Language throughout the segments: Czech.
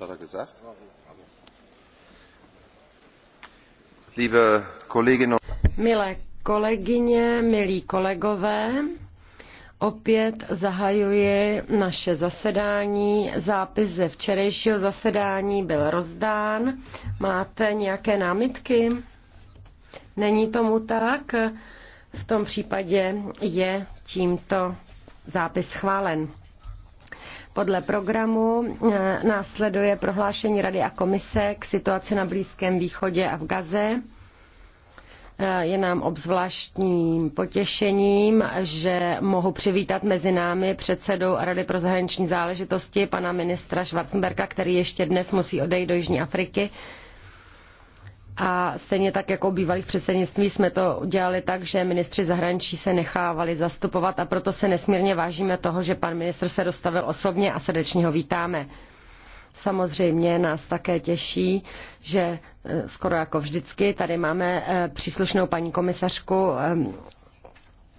Er Milé kolegyně, milí kolegové, opět zahajuji naše zasedání. Zápis ze včerejšího zasedání byl rozdán. Máte nějaké námitky? Není tomu tak? V tom případě je tímto zápis schválen. Podle programu eh, následuje prohlášení Rady a komise k situaci na Blízkém východě a v Gaze. Eh, je nám obzvláštním potěšením, že mohu přivítat mezi námi předsedu Rady pro zahraniční záležitosti, pana ministra Schwarzenberga, který ještě dnes musí odejít do Jižní Afriky a stejně tak jako v předsednictví jsme to udělali tak, že ministři zahraničí se nechávali zastupovat a proto se nesmírně vážíme toho, že pan ministr se dostavil osobně a srdečně ho vítáme. Samozřejmě nás také těší, že eh, skoro jako vždycky tady máme eh, příslušnou paní komisařku eh,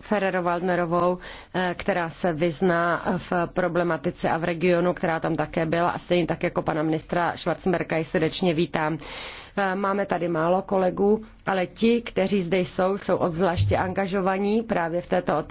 Ferrero-Waldnerovou, eh, která se vyzná v problematice a v regionu, která tam také byla a stejně tak jako pana ministra Schwarzenberga ji srdečně vítám. Eh, máme tady málo kolegů, ale ti, kteří zde jsou, jsou obzvláště angažovaní právě v této otázce.